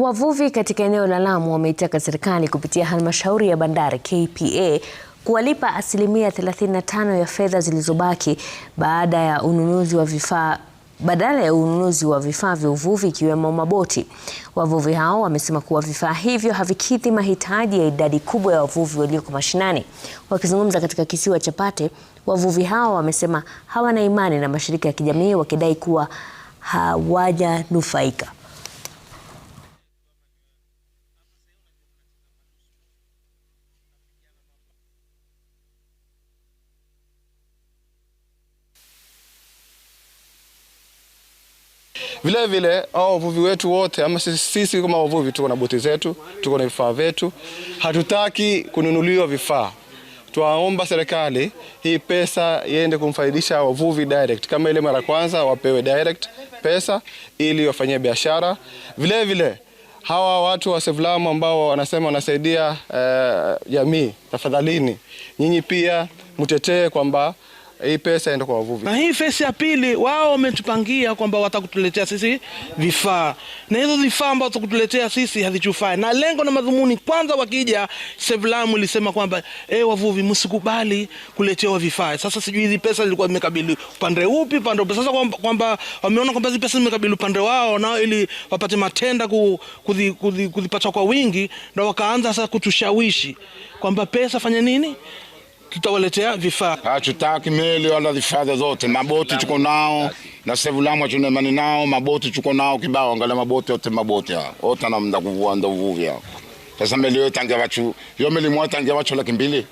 Wavuvi katika eneo la Lamu wameitaka serikali kupitia halmashauri ya bandari KPA kuwalipa asilimia 35 ya fedha zilizobaki baada ya ununuzi wa vifaa badala ya ununuzi wa vifaa vya uvuvi ikiwemo maboti. Wavuvi hao wamesema kuwa vifaa hivyo havikidhi mahitaji ya idadi kubwa ya wavuvi walioko mashinani. Wakizungumza katika kisiwa cha Pate, wavuvi hao wamesema hawana imani na mashirika ya kijamii wakidai kuwa hawajanufaika. Vile vile au wavuvi wetu wote, ama sisi kama wavuvi tuko na boti zetu, tuko na vifaa vyetu, hatutaki kununuliwa vifaa. Tuwaomba serikali hii pesa iende kumfaidisha wavuvi direct, kama ile mara kwanza wapewe direct pesa ili wafanyie biashara. Vile vile hawa watu wa Sevlamu ambao wanasema wanasaidia eh, jamii, uh, tafadhalini nyinyi pia mtetee kwamba hii pesa ende kwa wavuvi. Na hii fesi ya pili wao wametupangia kwamba watakutuletea sisi vifaa, na hizo vifaa ambao watakutuletea sisi hazichufai, na lengo na madhumuni, kwanza wakija Sevlamu ilisema kwamba e, wavuvi msikubali kuletewa vifaa. Sasa sijui hizi pesa zilikuwa zimekabili upande upi, upande upi. Sasa kwamba kwamba wameona kwamba hizi pesa zimekabili upande wao, na ili wapate matenda kuzipata kwa wingi, na wakaanza sasa kutushawishi kwamba pesa fanya nini tutawaletea vifaa. Hatutaki ah, meli wala vifaa zote, maboti tuko nao na Sevulamu tuna nao, maboti tuko nao kibao, angalia maboti yote, maboti yote namda kuvua ndo uvuvi. Sasa meli yote tangia wachu, yo meli moja tangia wachu laki mbili